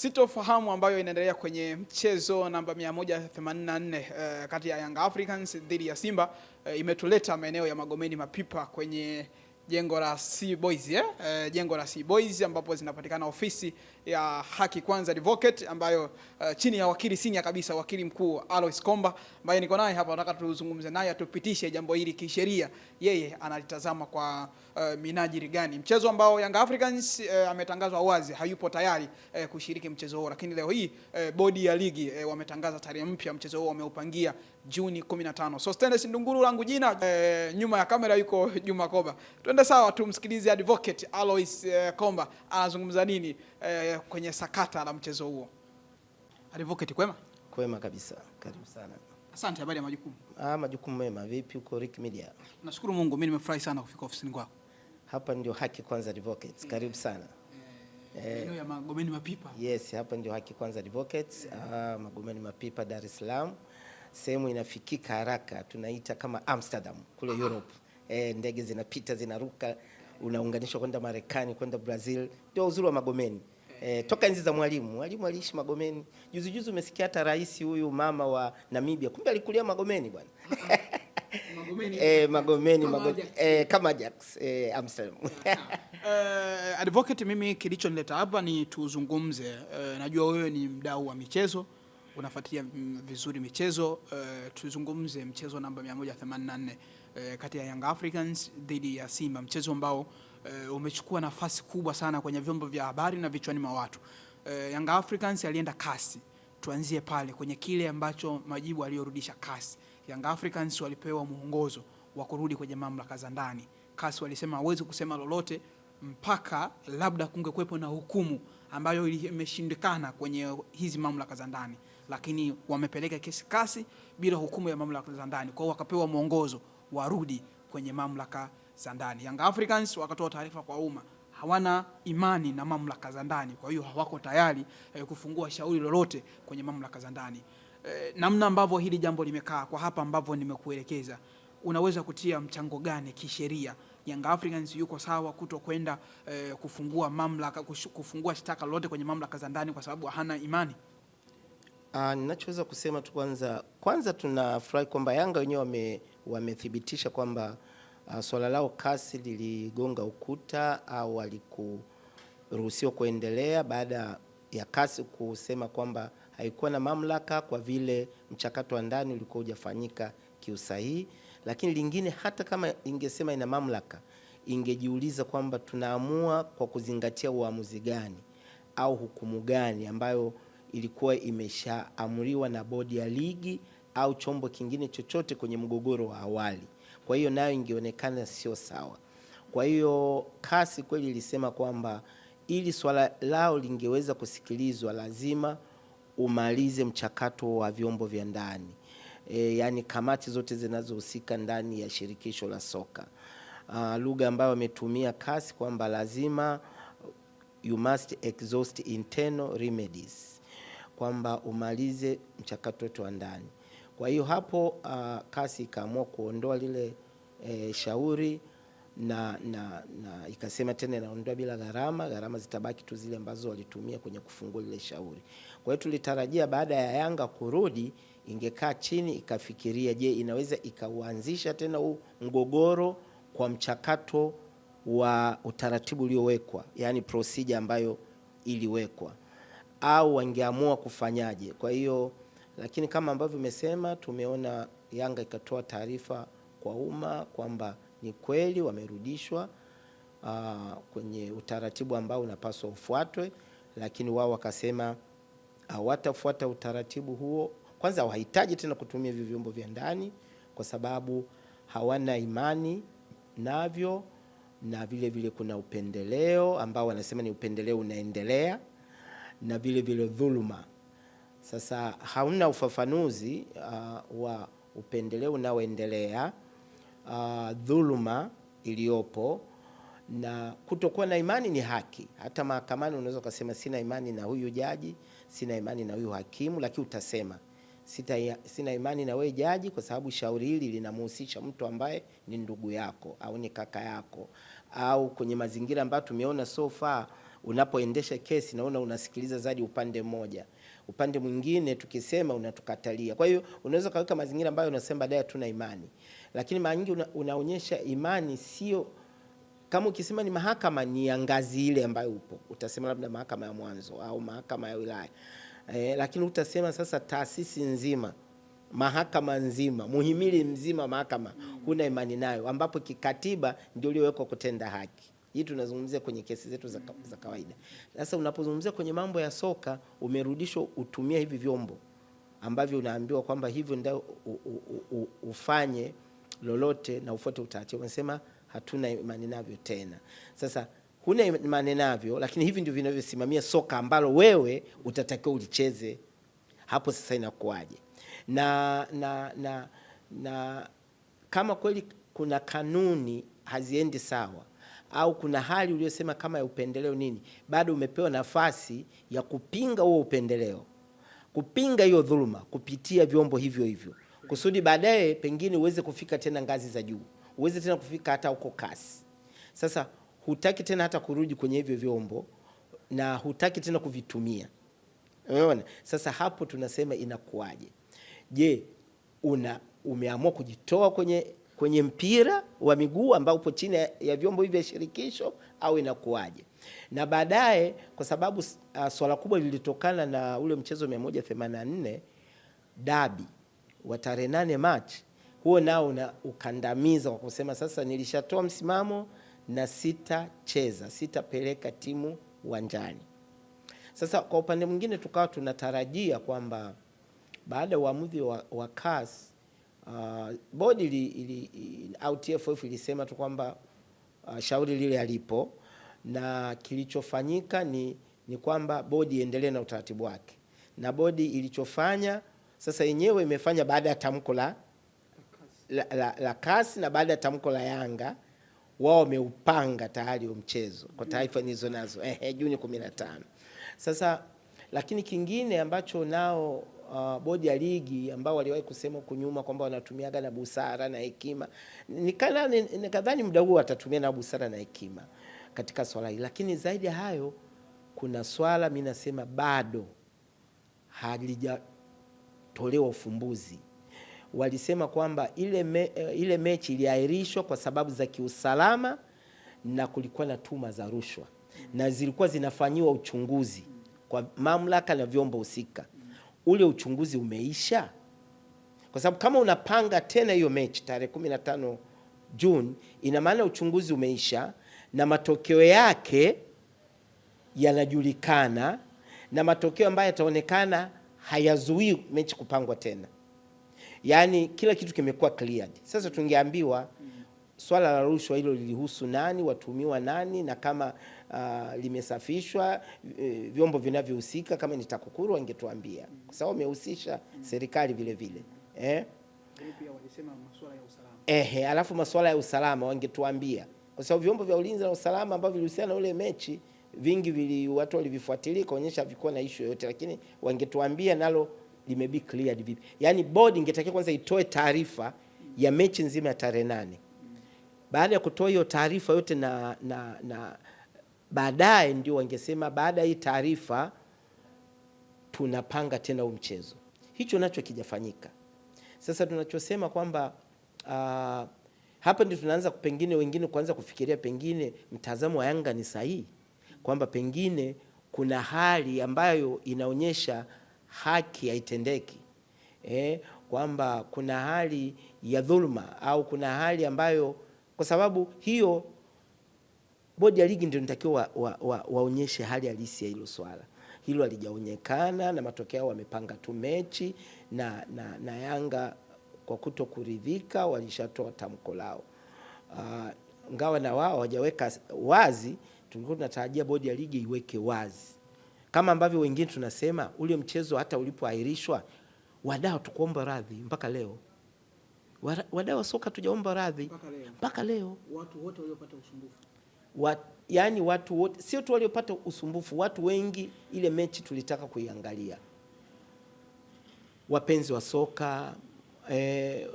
sitofahamu ambayo inaendelea kwenye mchezo namba 184 uh, eh, kati ya Young Africans dhidi ya Simba uh, imetuleta maeneo ya Magomeni Mapipa kwenye jengo la C Boys eh? uh, jengo la C Boys ambapo zinapatikana ofisi ya Haki Kwanza Advocate ambayo uh, chini ya wakili senior kabisa, wakili mkuu Alois Komba ambaye niko naye hapa, nataka tuzungumze naye atupitishe jambo hili kisheria, yeye analitazama kwa uh, minajiri gani. Mchezo ambao Young Africans uh, ametangazwa wazi hayupo tayari uh, kushiriki mchezo huo, lakini leo hii uh, bodi ya ligi uh, wametangaza tarehe mpya, mchezo huo wameupangia Juni 15. So Stainless Ndunguru langu jina, uh, nyuma ya kamera yuko Juma Koba. Twende sawa, tumsikilize Advocate Alois uh, Komba anazungumza nini uh, kwenye, sakata la mchezo huo. Advocate, kwema? Kwema kabisa. Karibu sana. Asante, habari ya majukumu? Ah, majukumu mema. Vipi uko Rick Media? Nashukuru Mungu, mimi nimefurahi sana kufika ofisini kwako. Hapa ndio haki kwanza Advocates. Yeah. Karibu sana. Yeah. Eh, eh ya Magomeni Mapipa. Yes, hapa ndio haki kwanza Advocates. Yeah. Ah, Magomeni Mapipa Dar es Salaam. Sehemu inafikika haraka, tunaita kama Amsterdam kule Europe. Eh, ndege zinapita zinaruka, unaunganishwa kwenda Marekani, kwenda Brazil. Ndio uzuri wa Magomeni. E, toka enzi za Mwalimu. Mwalimu aliishi Magomeni. Juzi juzi umesikia hata rais huyu mama wa Namibia, kumbe alikulia Magomeni bwana. Magomeni, eh, Magomeni, Magomeni, Eh, kama Ajax, eh, Amsterdam. Eh, advocate, mimi kilichonileta hapa ni tuzungumze. Eh, najua wewe ni mdau wa michezo unafuatilia vizuri michezo eh, tuzungumze mchezo namba 184 eh, kati ya Young Africans dhidi ya Simba, mchezo ambao e, umechukua nafasi kubwa sana kwenye vyombo vya habari na vichwani mwa watu. E, Young Africans alienda kasi, tuanzie pale kwenye kile ambacho majibu aliyorudisha kasi. Young Africans walipewa mwongozo wa kurudi kwenye mamlaka za ndani. Kasi walisema hawezi kusema lolote mpaka labda kungekuwepo na hukumu ambayo imeshindikana kwenye hizi mamlaka za ndani, lakini wamepeleka kesi kasi bila hukumu ya mamlaka za ndani. Kwa hiyo wakapewa mwongozo warudi kwenye mamlaka za ndani. Young Africans wakatoa taarifa kwa umma, hawana imani na mamlaka za ndani, kwa hiyo hawako tayari eh, kufungua shauri lolote kwenye mamlaka za ndani. Eh, namna ambavyo hili jambo limekaa kwa hapa ambavyo nimekuelekeza, unaweza kutia mchango gani kisheria? Young Africans yuko sawa kuto kwenda eh, kufungua mamlaka kufungua shtaka lolote kwenye mamlaka za ndani kwa sababu hana imani? Uh, ninachoweza kusema tu kwanza kwanza tunafurahi kwamba Yanga wenyewe wamethibitisha wame kwamba uh, swala lao kasi liligonga ukuta au walikuruhusiwa kuendelea baada ya kasi kusema kwamba haikuwa na mamlaka kwa vile mchakato wa ndani ulikuwa hujafanyika kiusahihi. Lakini lingine, hata kama ingesema ina mamlaka, ingejiuliza kwamba tunaamua kwa kuzingatia uamuzi gani au hukumu gani ambayo ilikuwa imeshaamuliwa na bodi ya ligi au chombo kingine chochote kwenye mgogoro wa awali. Kwa hiyo nayo ingeonekana sio sawa. Kwa hiyo kasi kweli ilisema kwamba ili swala lao lingeweza kusikilizwa lazima umalize mchakato wa vyombo vya ndani e, yaani kamati zote zinazohusika ndani ya shirikisho la soka. Lugha ambayo wametumia kasi kwamba lazima you must exhaust internal remedies, kwamba umalize mchakato wetu wa ndani. Kwa hiyo hapo uh, kasi ikaamua kuondoa lile e, shauri na, na, na ikasema tena inaondoa bila gharama, gharama zitabaki tu zile ambazo walitumia kwenye kufungua lile shauri. Kwa hiyo tulitarajia baada ya Yanga kurudi ingekaa chini ikafikiria, je, inaweza ikauanzisha tena huu mgogoro kwa mchakato wa utaratibu uliowekwa, yani procedure ambayo iliwekwa, au wangeamua kufanyaje? Kwa hiyo lakini kama ambavyo umesema, tumeona Yanga ikatoa taarifa kwa umma kwamba ni kweli wamerudishwa uh, kwenye utaratibu ambao unapaswa ufuatwe, lakini wao wakasema hawatafuata uh, utaratibu huo. Kwanza hawahitaji tena kutumia hivyo vyombo vya ndani kwa sababu hawana imani navyo, na vile vile kuna upendeleo ambao wanasema ni upendeleo unaendelea, na vile vile dhuluma sasa hauna ufafanuzi uh, wa upendeleo unaoendelea uh, dhuluma iliyopo na kutokuwa na imani ni haki. Hata mahakamani unaweza ukasema sina imani na huyu jaji, sina imani na huyu hakimu, lakini utasema sita, sina imani na wewe jaji, kwa sababu shauri hili linamhusisha mtu ambaye ni ndugu yako au ni kaka yako, au kwenye mazingira ambayo tumeona so far, unapoendesha kesi naona unasikiliza zaidi upande mmoja upande mwingine tukisema unatukatalia. Kwa hiyo unaweza kaweka mazingira ambayo unasema baadaye tuna imani, lakini mara nyingi una, unaonyesha imani sio kama ukisema ni mahakama ni ya ngazi ile ambayo upo, utasema labda mahakama ya mwanzo au mahakama ya wilaya eh, lakini utasema sasa taasisi nzima mahakama nzima muhimili mzima mahakama huna imani nayo, ambapo kikatiba ndio uliowekwa kutenda haki. Hii tunazungumzia kwenye kesi zetu za, za kawaida. Sasa unapozungumzia kwenye mambo ya soka, umerudishwa utumia hivi vyombo ambavyo unaambiwa kwamba hivyo ndio ufanye lolote na ufuate utaratibu. Unasema hatuna imani navyo tena. Sasa huna imani navyo, lakini hivi ndivyo vinavyosimamia soka ambalo wewe utatakiwa ulicheze. Hapo sasa inakuwaje? Na, na, na, na kama kweli kuna kanuni haziendi sawa au kuna hali uliyosema kama ya upendeleo nini, bado umepewa nafasi ya kupinga huo upendeleo, kupinga hiyo dhuluma kupitia vyombo hivyo hivyo, kusudi baadaye pengine uweze kufika tena ngazi za juu, uweze tena kufika hata huko kasi. Sasa hutaki tena hata kurudi kwenye hivyo vyombo na hutaki tena kuvitumia. Umeona? Sasa hapo tunasema inakuwaje? Je, una umeamua kujitoa kwenye kwenye mpira wa miguu ambao upo chini ya vyombo hivi vya shirikisho au inakuwaje? Na baadaye kwa sababu uh, swala kubwa lilitokana na ule mchezo 184 dabi wa tarehe 8 Machi, huo nao una ukandamiza kwa kusema sasa, nilishatoa msimamo na sitacheza, sitapeleka timu uwanjani. Sasa kwa upande mwingine tukawa tunatarajia kwamba baada ya uamuzi wa, wa kasi Uh, bodi ili, ili, au TFF ilisema tu kwamba uh, shauri lile alipo na kilichofanyika ni, ni kwamba bodi iendelee na utaratibu wake, na bodi ilichofanya sasa yenyewe imefanya baada ya tamko la, la, la, la kasi na baada ya tamko la Yanga wao wameupanga tayari huo mchezo kwa taarifa nilizo nazo eh, Juni 15. Sasa lakini kingine ambacho nao uh, bodi ya ligi ambao waliwahi kusema huko nyuma kwamba wanatumiaga na busara na hekima, nikadhani muda huo watatumia na busara na hekima katika swala hili, lakini zaidi ya hayo kuna swala mimi nasema bado halijatolewa ufumbuzi. Walisema kwamba ile, me, eh, ile mechi iliahirishwa kwa sababu za kiusalama na kulikuwa na tuma za rushwa na zilikuwa zinafanyiwa uchunguzi kwa mamlaka na vyombo husika ule uchunguzi umeisha, kwa sababu kama unapanga tena hiyo mechi tarehe 15 Juni, ina maana uchunguzi umeisha na matokeo yake yanajulikana, na matokeo ambayo yataonekana hayazuii mechi kupangwa tena. Yaani kila kitu kimekuwa cleared. Sasa tungeambiwa swala la rushwa hilo lilihusu nani, watumiwa nani, na kama uh, limesafishwa. Eh, vyombo vinavyohusika kama ni TAKUKURU wangetuambia kwa sababu wamehusisha serikali vile vile eh? Ehe, alafu masuala ya usalama wangetuambia kwa sababu vyombo vya ulinzi na usalama ambavyo vilihusiana na ule mechi vingi vili watu walivifuatilia kaonyesha vikuwa na issue yoyote, lakini wangetuambia nalo limebi cleared vipi. Yani board ingetakiwa kwanza itoe taarifa ya mechi nzima ya tarehe nane. Baada ya kutoa hiyo taarifa yote na, na, na baadaye ndio wangesema baada ya hii taarifa tunapanga tena huu mchezo. Hicho nacho kijafanyika. Sasa tunachosema kwamba uh, hapa ndio tunaanza pengine wengine kuanza kufikiria pengine mtazamo wa Yanga ni sahihi kwamba pengine kuna hali ambayo inaonyesha haki haitendeki, eh, kwamba kuna hali ya dhuluma au kuna hali ambayo kwa sababu hiyo bodi ya ligi ndio inatakiwa waonyeshe wa, wa hali halisi ya hilo swala. Hilo halijaonekana na matokeo wamepanga tu mechi na, na, na Yanga kwa kuto kuridhika walishatoa tamko lao ah, ngawa na wao hawajaweka wazi. Tulikuwa tunatarajia bodi ya ligi iweke wazi, kama ambavyo wengine tunasema ule mchezo hata ulipoahirishwa, wadau tukuomba radhi mpaka leo wadau wa soka tujaomba radhi mpaka leo, mpaka leo. Watu wote waliopata usumbufu wat, yani watu wote, sio tu waliopata usumbufu, watu wengi ile mechi tulitaka kuiangalia, wapenzi wa soka eh,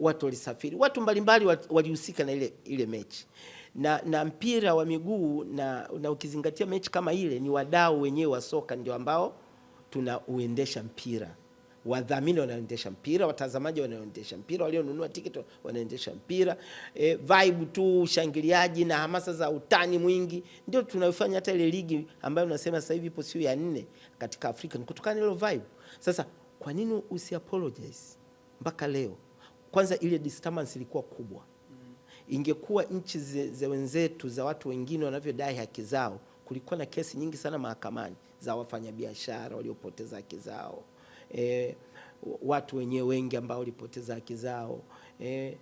watu walisafiri, watu mbalimbali walihusika na ile, ile mechi na, na mpira wa miguu na, na ukizingatia mechi kama ile ni wadau wenyewe wa soka ndio ambao tunauendesha mpira wadhamini wanaendesha mpira, watazamaji wanaendesha mpira, walionunua tiketi wanaendesha mpira e, vibe tu, ushangiliaji na hamasa za utani mwingi, ndio tunayofanya hata ile ligi ambayo unasema sasa hivi ipo sio ya nne katika Afrika ni kutokana ile vibe. Sasa kwa nini usi apologize mpaka leo? Kwanza ile disturbance ilikuwa kubwa. Ingekuwa nchi za wenzetu za watu wengine wanavyodai haki zao, kulikuwa na kesi nyingi sana mahakamani za wafanyabiashara waliopoteza haki zao e, watu wenyewe wengi ambao walipoteza haki zao e,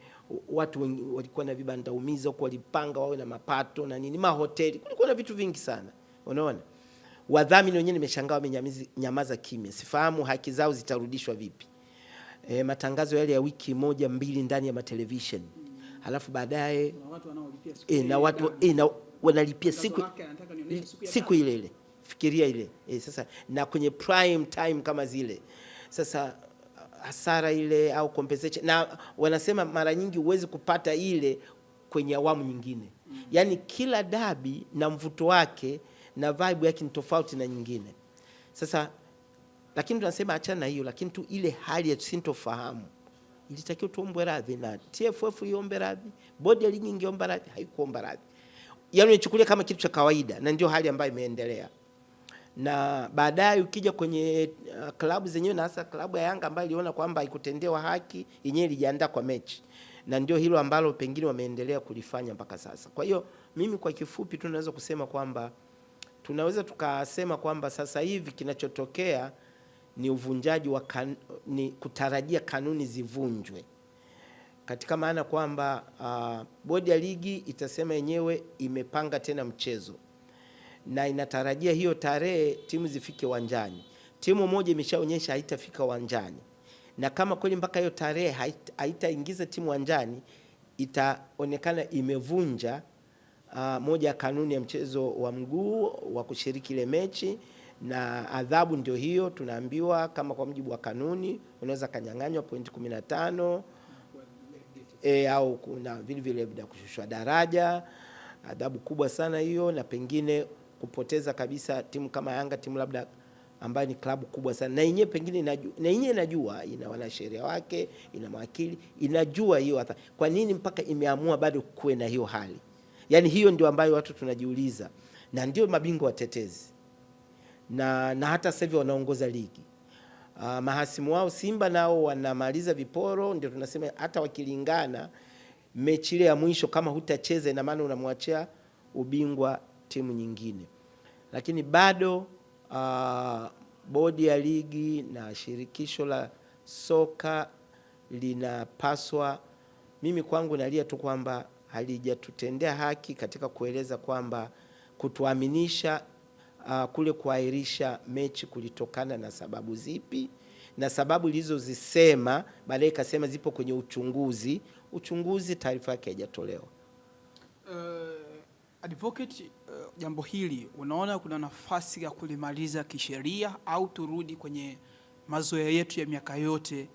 watu wengi walikuwa na vibanda umizo kwa walipanga wawe na mapato na nini, mahoteli, kulikuwa na vitu vingi sana. Unaona, wadhamini wenyewe nimeshangaa wamenyamaza kimya, sifahamu haki zao zitarudishwa vipi. E, matangazo yale ya wiki moja mbili ndani ya mm. alafu baadaye na watu wanaolipia siku ile ile fikiria ile e, sasa na kwenye prime time kama zile sasa hasara ile au compensation, na wanasema mara nyingi huwezi kupata ile kwenye awamu nyingine mm. Yaani kila dabi na mvuto wake na vibe yake ni tofauti na nyingine. Sasa lakini tunasema achana na hiyo, lakini tu ile hali ya sintofahamu ilitakiwa tuombe radhi, na TFF iombe radhi, bodi ya ligi ingeomba radhi, haikuomba radhi. Yaani nichukulia kama kitu cha kawaida, na ndio hali ambayo imeendelea na baadaye ukija kwenye uh, klabu zenyewe na hasa klabu ya Yanga ambayo iliona kwamba haikutendewa haki, yenyewe ilijiandaa kwa mechi, na ndio hilo ambalo pengine wameendelea kulifanya mpaka sasa. Kwa hiyo mimi kwa kifupi tu naweza kusema kwamba tunaweza tukasema kwamba sasa hivi kinachotokea ni uvunjaji wa kan, ni kutarajia kanuni zivunjwe katika maana kwamba uh, bodi ya ligi itasema yenyewe imepanga tena mchezo na inatarajia hiyo tarehe timu zifike uwanjani. Timu moja imeshaonyesha haitafika uwanjani, na kama kweli mpaka hiyo tarehe haitaingiza timu uwanjani, itaonekana imevunja uh, moja ya kanuni ya mchezo wa mguu wa kushiriki ile mechi, na adhabu ndio hiyo. Tunaambiwa kama kwa mujibu wa kanuni unaweza kanyang'anywa pointi 15 e, au kuna vile vile kushushwa daraja, adhabu kubwa sana hiyo, na pengine kupoteza kabisa timu kama Yanga, timu labda ambayo ni klabu kubwa sana na yenyewe pengine inajua, na yenyewe inajua ina wanasheria wake, ina mawakili, inajua hiyo hata. Kwa nini mpaka imeamua bado kuwe na hiyo hali? Yaani hiyo ndio ambayo watu tunajiuliza, na ndio mabingwa watetezi na, na hata sasa hivi wanaongoza ligi. Uh, mahasimu wao Simba nao wanamaliza viporo, ndio tunasema hata wakilingana mechi ile ya mwisho, kama hutacheza ina maana unamwachia ubingwa timu nyingine, lakini bado uh, bodi ya ligi na shirikisho la soka linapaswa, mimi kwangu nalia tu kwamba halijatutendea haki katika kueleza kwamba kutuaminisha uh, kule kuahirisha mechi kulitokana na sababu zipi, na sababu ilizozisema baadaye ikasema zipo kwenye uchunguzi. Uchunguzi taarifa yake haijatolewa uh... Advocate, uh, jambo hili unaona kuna nafasi ya kulimaliza kisheria au turudi kwenye mazoea yetu ya miaka yote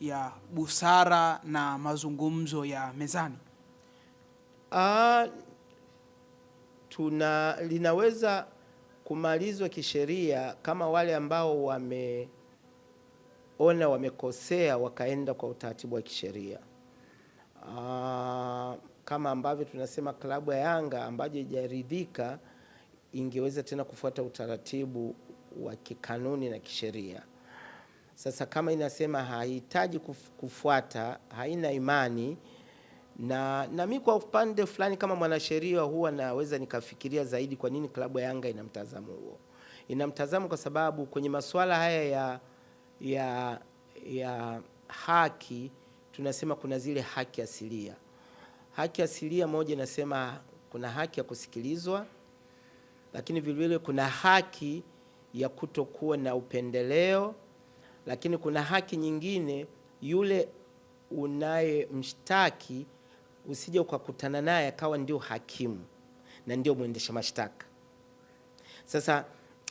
ya busara na mazungumzo ya mezani? Ah, tuna linaweza kumalizwa kisheria kama wale ambao wameona wamekosea wakaenda kwa utaratibu wa kisheria. Ah, kama ambavyo tunasema klabu ya Yanga ambayo haijaridhika ingeweza tena kufuata utaratibu wa kikanuni na kisheria. Sasa kama inasema haihitaji kufuata, haina imani na, na mi kwa upande fulani kama mwanasheria huwa naweza nikafikiria zaidi kwa nini klabu ya Yanga ina mtazamo huo. Ina mtazamo kwa sababu kwenye masuala haya ya, ya, ya haki tunasema kuna zile haki asilia haki asilia moja inasema kuna haki ya kusikilizwa, lakini vilevile kuna haki ya kutokuwa na upendeleo, lakini kuna haki nyingine, yule unayemshtaki usije ukakutana naye akawa ndio hakimu na ndio mwendesha mashtaka. Sasa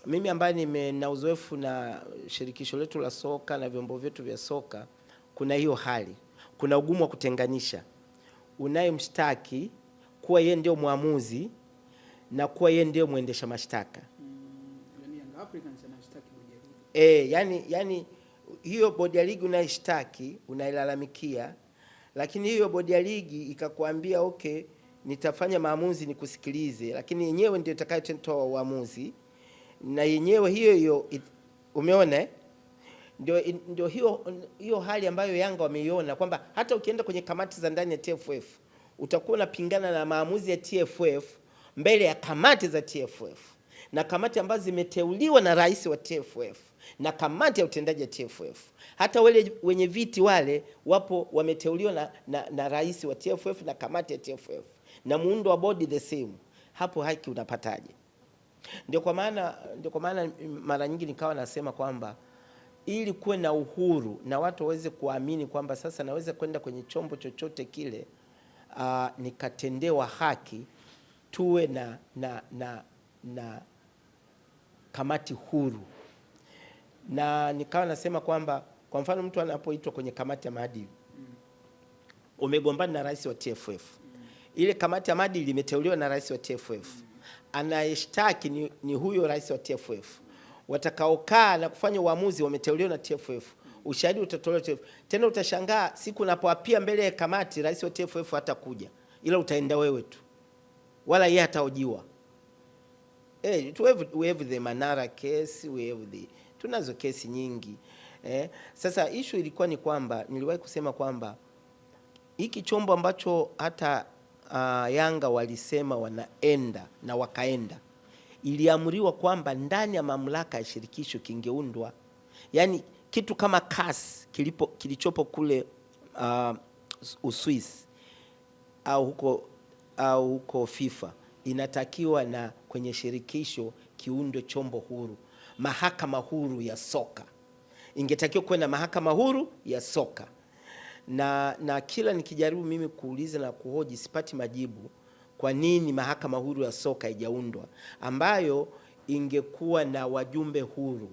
mimi ambaye na uzoefu na shirikisho letu la soka na vyombo vyetu vya soka, kuna hiyo hali, kuna ugumu wa kutenganisha unayemshtaki kuwa yeye ndio mwamuzi na kuwa yeye ndio mwendesha mashtaka yaani E, yani, yani hiyo bodi ya ligi unaishtaki unailalamikia, lakini hiyo bodi ya ligi ikakwambia okay, nitafanya maamuzi nikusikilize, lakini yenyewe ndio itakayotoa uamuzi na yenyewe hiyo hiyo, umeona eh? ndio, ndio hiyo, hiyo hali ambayo Yanga wameiona kwamba hata ukienda kwenye kamati za ndani ya TFF utakuwa unapingana na maamuzi ya TFF mbele ya kamati za TFF na kamati ambazo zimeteuliwa na rais wa TFF na kamati ya utendaji ya TFF. Hata wale wenye viti wale wapo wameteuliwa na, na, na rais wa TFF na kamati ya TFF na muundo wa bodi the same. Hapo haki unapataje? Ndio kwa maana ndio kwa maana mara nyingi nikawa nasema kwamba ili kuwe na uhuru na watu waweze kuamini kwamba sasa naweza kwenda kwenye chombo chochote kile uh, nikatendewa haki. Tuwe na, na, na, na kamati huru, na nikawa nasema kwamba kwa mfano mtu anapoitwa kwenye kamati ya maadili, umegombana na rais wa TFF, ile kamati ya maadili imeteuliwa na rais wa TFF, anayeshtaki ni, ni huyo rais wa TFF watakaokaa na kufanya uamuzi wameteuliwa na TFF. Ushahidi utatolewa TFF. Tena utashangaa siku unapoapia mbele ya kamati, rais wa TFF kuja ila utaenda wewe tu, wala yeye hataojiwa. Eh, we have, we have the Manara case, we have the tunazo kesi nyingi eh. Sasa ishu ilikuwa ni kwamba niliwahi kusema kwamba hiki chombo ambacho hata uh, Yanga walisema wanaenda na wakaenda iliamriwa kwamba ndani ya mamlaka ya shirikisho kingeundwa yaani kitu kama CAS kilipo, kilichopo kule uh, Uswisi au huko, au huko FIFA inatakiwa na kwenye shirikisho kiundwe chombo huru, mahakama huru ya soka. Ingetakiwa kuwe na mahakama huru ya soka na, na kila nikijaribu mimi kuuliza na kuhoji sipati majibu kwa nini mahakama huru ya soka haijaundwa ambayo ingekuwa na wajumbe huru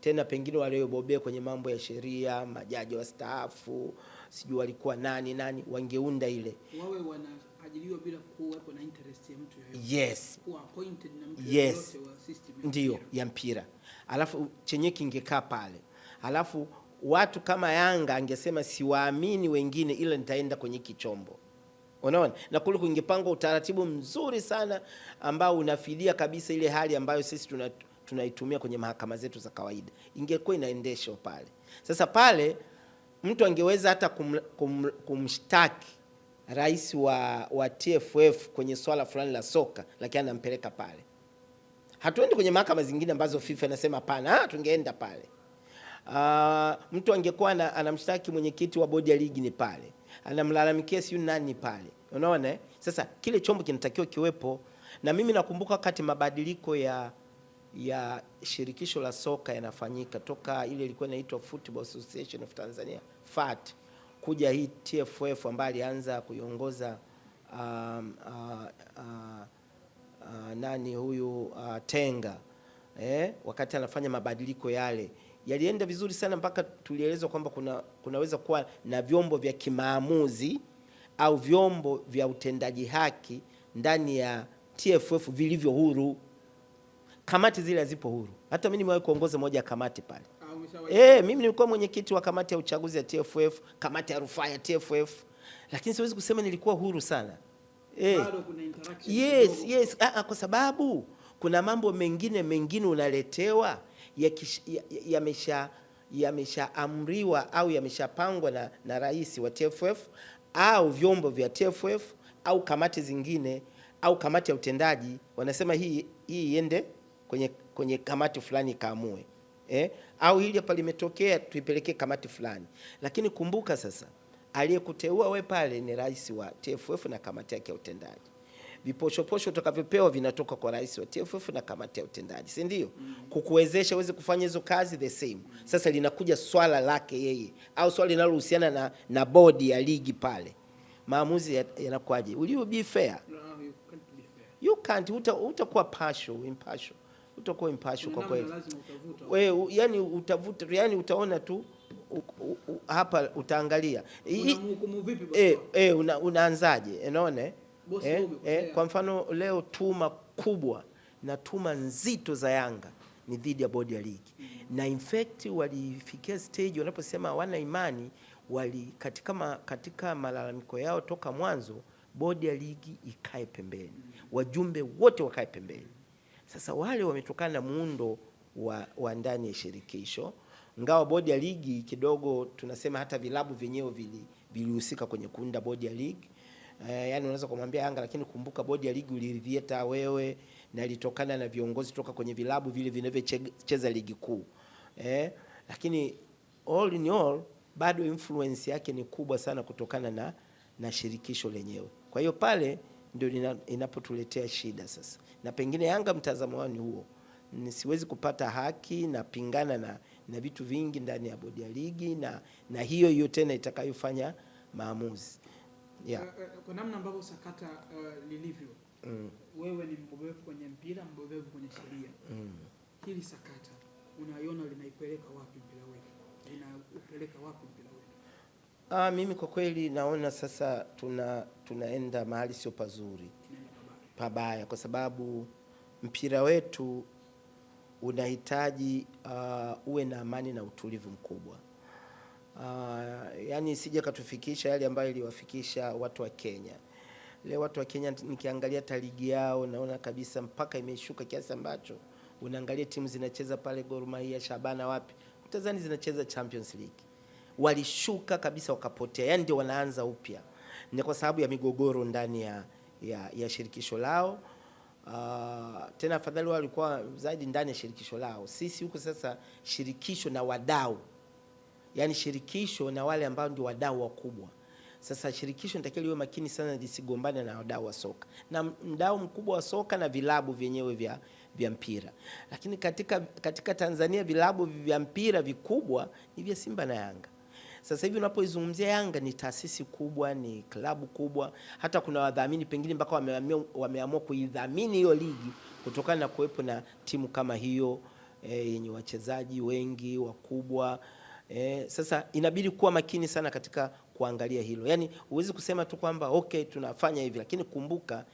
tena pengine waliobobea kwenye mambo ya sheria, majaji wastaafu, sijui walikuwa nani nani, wangeunda ile. Wawe wanaajiriwa bila kuwepo na interest ya mtu yoyote. Yes. Kuwa appointed na mtu yes, yoyote wa system ndio ya mpira, alafu chenye kingekaa pale, alafu watu kama Yanga angesema siwaamini wengine, ila nitaenda kwenye kichombo Unaona, na kule kungepangwa utaratibu mzuri sana ambao unafidia kabisa ile hali ambayo sisi tuna tunaitumia kwenye mahakama zetu za kawaida, ingekuwa inaendeshwa pale. Sasa pale mtu angeweza hata kum, kum, kumshtaki rais wa, wa TFF kwenye swala fulani la soka, lakini anampeleka pale. Hatuendi kwenye mahakama zingine ambazo FIFA inasema hapana, ah, tungeenda pale. Uh, mtu angekuwa anamshtaki mwenyekiti wa bodi ya ligi ni pale anamlalamikia siyo nani pale, unaona. Eh? Sasa kile chombo kinatakiwa kiwepo, na mimi nakumbuka wakati mabadiliko ya ya shirikisho la soka yanafanyika toka ile ilikuwa inaitwa Football Association of Tanzania FAT kuja hii TFF ambayo alianza kuiongoza um, uh, uh, uh, nani huyu uh, Tenga eh, wakati anafanya mabadiliko yale yalienda vizuri sana mpaka tulielezwa kwamba kuna, kunaweza kuwa na vyombo vya kimaamuzi au vyombo vya utendaji haki ndani ya TFF vilivyo huru. Kamati zile hazipo huru. Hata mimi nimewahi kuongoza moja ya kamati pale. Ah, eh, mimi nilikuwa mwenyekiti wa kamati ya uchaguzi ya TFF, kamati ya rufaa ya TFF, lakini siwezi kusema nilikuwa huru sana. Eh. Bado kuna interaction. Yes, yes, ah, ah, kwa sababu kuna mambo mengine mengine unaletewa yameshaamriwa ya, ya au yameshapangwa na, na rais wa TFF au vyombo vya TFF au kamati zingine au kamati ya utendaji, wanasema hii hii iende kwenye, kwenye kamati fulani ikaamue eh? au hili hapa limetokea tuipelekee kamati fulani. Lakini kumbuka sasa, aliyekuteua we pale ni rais wa TFF na kamati yake ya utendaji viposhoposho utakavyopewa vinatoka kwa rais wa TFF na kamati ya utendaji, si ndio? mm kukuwezesha uweze kufanya hizo kazi the same. Sasa linakuja swala lake yeye au swala linalohusiana na, na bodi ya ligi pale, maamuzi yanakuwaje? Will you be fair? No, you can't be fair. You can't, utakuwa pasho impasho, utakuwa impasho kwa kweli. Wewe yani utavuta yani utaona tu U, u, u, hapa utaangalia unamhukumu Eh, eh, una, unaanzaje unaona eh? eh, eh, kwa mfano leo tuma kubwa na tuma nzito za Yanga ni dhidi ya bodi ya ligi mm -hmm. na in fact walifikia stage wanaposema hawana imani wali katika, ma, katika malalamiko yao toka mwanzo bodi ya ligi ikae pembeni mm -hmm. wajumbe wote wakae pembeni sasa wale wametokana na muundo wa, wa ndani ya shirikisho ngawa bodi ya ligi kidogo tunasema hata vilabu vyenyewe vilihusika kwenye kuunda bodi ya ligi eh, yani unaweza kumwambia Yanga, lakini kumbuka bodi ya ligi uliridhia wewe na ilitokana na viongozi toka kwenye vilabu vile vinavyocheza ligi kuu eh, lakini all in all bado influence yake ni kubwa sana kutokana na, na shirikisho lenyewe. Kwa hiyo pale ndio inapotuletea shida sasa, na pengine Yanga mtazamo wao ni huo, siwezi kupata haki, pingana na, na vitu vingi ndani ya bodi ya ligi na, na hiyo hiyo tena itakayofanya maamuzi yeah. Eh, eh, kwa namna ambavyo sakata uh, lilivyo mm. Wewe ni mbobevu kwenye mpira, mbobevu kwenye sheria mm. Hili sakata unaiona linaipeleka wapi mpira wetu, linaupeleka wapi mpira wetu? Ah, mimi kwa kweli naona sasa tuna tunaenda mahali sio pazuri pabaya, kwa sababu mpira wetu unahitaji uh, uwe na amani na utulivu mkubwa uh, ah, yani sija katufikisha yale ambayo iliwafikisha watu wa Kenya. Leo watu wa Kenya nikiangalia taligi yao naona kabisa mpaka imeshuka kiasi ambacho unaangalia timu zinacheza pale Gor Mahia, Shabana wapi, Mtazani zinacheza Champions League. Walishuka kabisa wakapotea, Yaani ndio wanaanza upya, ni kwa sababu ya migogoro ndani ya, ya, ya shirikisho lao. Uh, tena afadhali walikuwa zaidi ndani ya shirikisho lao. Sisi huko sasa shirikisho na wadau yani shirikisho na wale ambao ndio wadau wakubwa. Sasa shirikisho nitakiwa liwe makini sana lisigombane na wadau wa soka na mdau mkubwa wa soka na vilabu vyenyewe vya, vya mpira. Lakini katika, katika Tanzania vilabu vya mpira vikubwa ni vya Simba na Yanga. Sasa hivi unapoizungumzia Yanga ni taasisi kubwa, ni klabu kubwa, hata kuna wadhamini pengine mpaka wameamua wame kuidhamini hiyo ligi kutokana na kuwepo na timu kama hiyo eh, yenye eh, wachezaji wengi wakubwa. Eh, sasa inabidi kuwa makini sana katika kuangalia hilo, yaani huwezi kusema tu kwamba okay tunafanya hivi, lakini kumbuka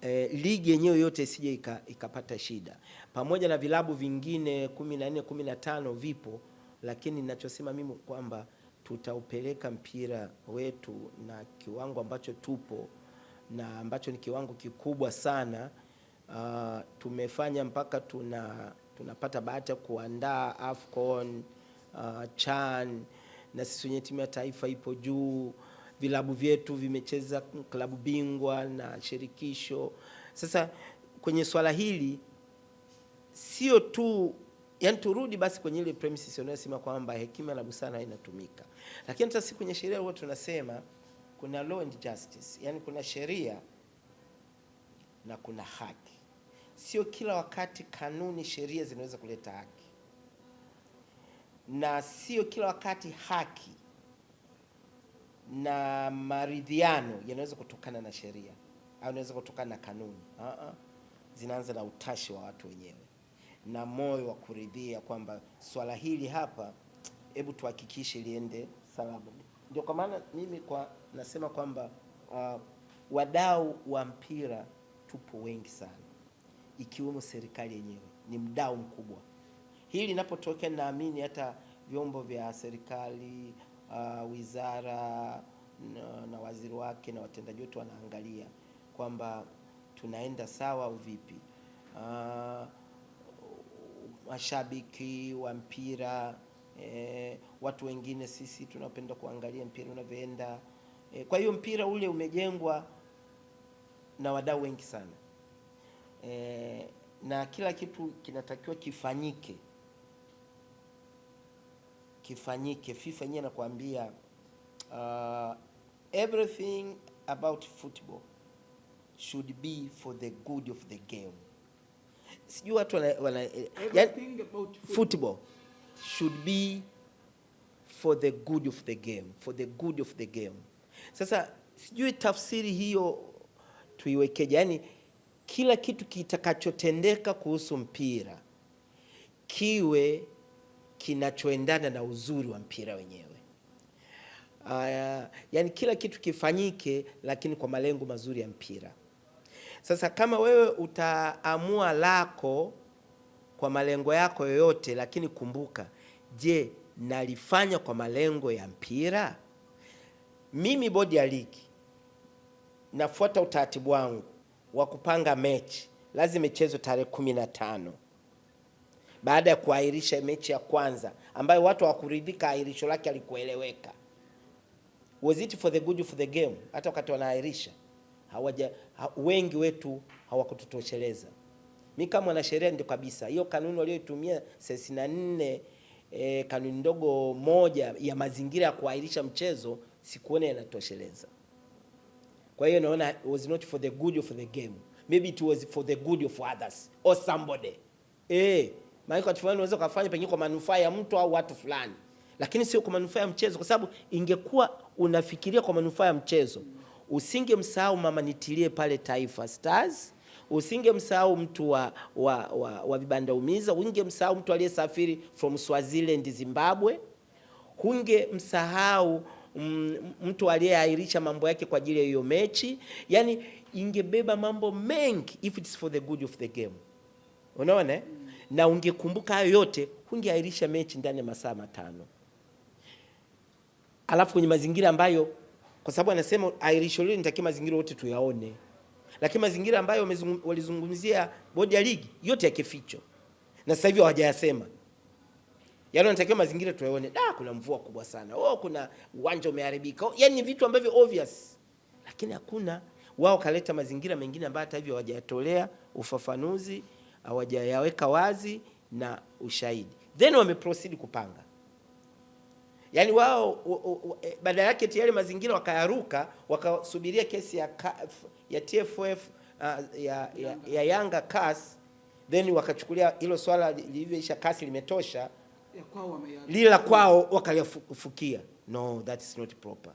eh, ligi yenyewe yote isije ikapata shida, pamoja na vilabu vingine 14 15 vipo, lakini ninachosema mimi kwamba tutaupeleka mpira wetu na kiwango ambacho tupo na ambacho ni kiwango kikubwa sana. Uh, tumefanya mpaka tuna tunapata bahati ya kuandaa AFCON uh, CHAN na sisi wenye timu ya taifa ipo juu, vilabu vyetu vimecheza klabu bingwa na shirikisho. Sasa kwenye swala hili sio tu yani, turudi basi kwenye ile premises unayosema kwamba hekima na busara inatumika, lakini hata si kwenye sheria huwa tunasema kuna law and justice, yani kuna sheria na kuna haki. Sio kila wakati kanuni, sheria zinaweza kuleta haki na sio kila wakati haki na maridhiano yanaweza kutokana na sheria au inaweza kutokana na kanuni. uh -uh. Zinaanza na utashi wa watu wenyewe na moyo wa kuridhia kwamba swala hili hapa, hebu tuhakikishe liende salama. Ndio kwa maana mimi kwa nasema kwamba uh, wadau wa mpira tupo wengi sana, ikiwemo serikali yenyewe ni mdau mkubwa. Hili linapotokea, naamini hata vyombo vya serikali uh, wizara na, na waziri wake na watendaji wetu wanaangalia kwamba tunaenda sawa au vipi. Uh, mashabiki wa mpira eh, watu wengine sisi tunapenda kuangalia mpira unavyoenda eh, kwa hiyo mpira ule umejengwa na wadau wengi sana eh, na kila kitu kinatakiwa kifanyike kifanyike. FIFA yenyewe nakwambia, uh, everything about football should be for the good of the game. Sijui watu wana, wana, eh, yani, about football. Football should be for the good of the game, for the good of the game. Sasa sijui tafsiri hiyo tuiwekeje? Yani kila kitu kitakachotendeka kuhusu mpira kiwe kinachoendana na uzuri wa mpira wenyewe. Uh, yani kila kitu kifanyike, lakini kwa malengo mazuri ya mpira. Sasa kama wewe utaamua lako kwa malengo yako yoyote, lakini kumbuka, je, nalifanya kwa malengo ya mpira? Mimi bodi ya ligi nafuata utaratibu wangu wa kupanga mechi, lazima ichezwe tarehe kumi na tano baada ya kuahirisha mechi ya kwanza ambayo watu hawakuridhika, ahirisho lake alikueleweka. Was it for the good of the game? Hata wakati wanaahirisha hawaja ha, wengi wetu hawakututosheleza. Mimi kama mwanasheria ndio kabisa hiyo kanuni waliyotumia 34 eh, kanuni ndogo moja ya mazingira ya kuahirisha mchezo sikuona yanatosheleza. Kwa hiyo naona was not for the good of the game, maybe it was for the good of others or somebody eh. hey maana wakati fulani unaweza kufanya pengine kwa manufaa ya mtu au watu fulani, lakini sio kwa manufaa ya mchezo, kwa sababu ingekuwa unafikiria kwa manufaa ya mchezo usinge msahau mama nitilie pale Taifa Stars, usinge msahau mtu wa, wa, wa, wa vibanda umiza, unge msahau mtu aliyesafiri from Swaziland Zimbabwe, unge msahau mm, mtu aliyeahirisha mambo yake kwa ajili ya hiyo mechi. Yani ingebeba mambo mengi if it's for the good of the game, unaona. eh? na ungekumbuka hayo yote, hungeahirisha mechi ndani ya masaa matano, alafu kwenye mazingira ambayo, kwa sababu anasema ahirisho lile nitakia mazingira yote tuyaone, lakini mazingira ambayo walizungumzia bodi ya ligi yote ya kificho, na sasa hivi hawajayasema yale yaani natakiwa mazingira tuyaone. Da, kuna mvua kubwa sana, oh, kuna uwanja umeharibika, oh, yaani vitu ambavyo obvious, lakini hakuna wao kaleta mazingira mengine ambayo hata hivyo hawajatolea ufafanuzi hawajayaweka wazi na ushahidi, then wameproceed kupanga. Yaani wao eh, badala yake yale mazingira wakayaruka, wakasubiria kesi ya, ya TFF uh, ah, ya, ya, ya Yanga CAS, then wakachukulia hilo swala lilivyoisha CAS limetosha, lile la kwao wakalifukia. No, that's not proper.